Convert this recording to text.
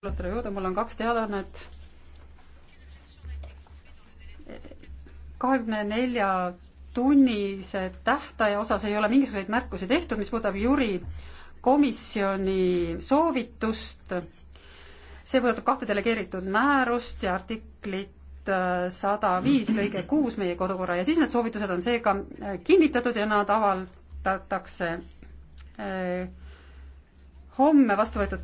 kuulajatele jõuda, mul on kaks teadaannet. kahekümne nelja tunnise tähtaja osas ei ole mingisuguseid märkusi tehtud, mis puudutab juri komisjoni soovitust. see puudutab kahte delegeeritud määrust ja artiklit äh, sada viis lõige kuus meie kodukorra ja siis need soovitused on seega kinnitatud ja nad avaldatakse äh, homme vastu võetud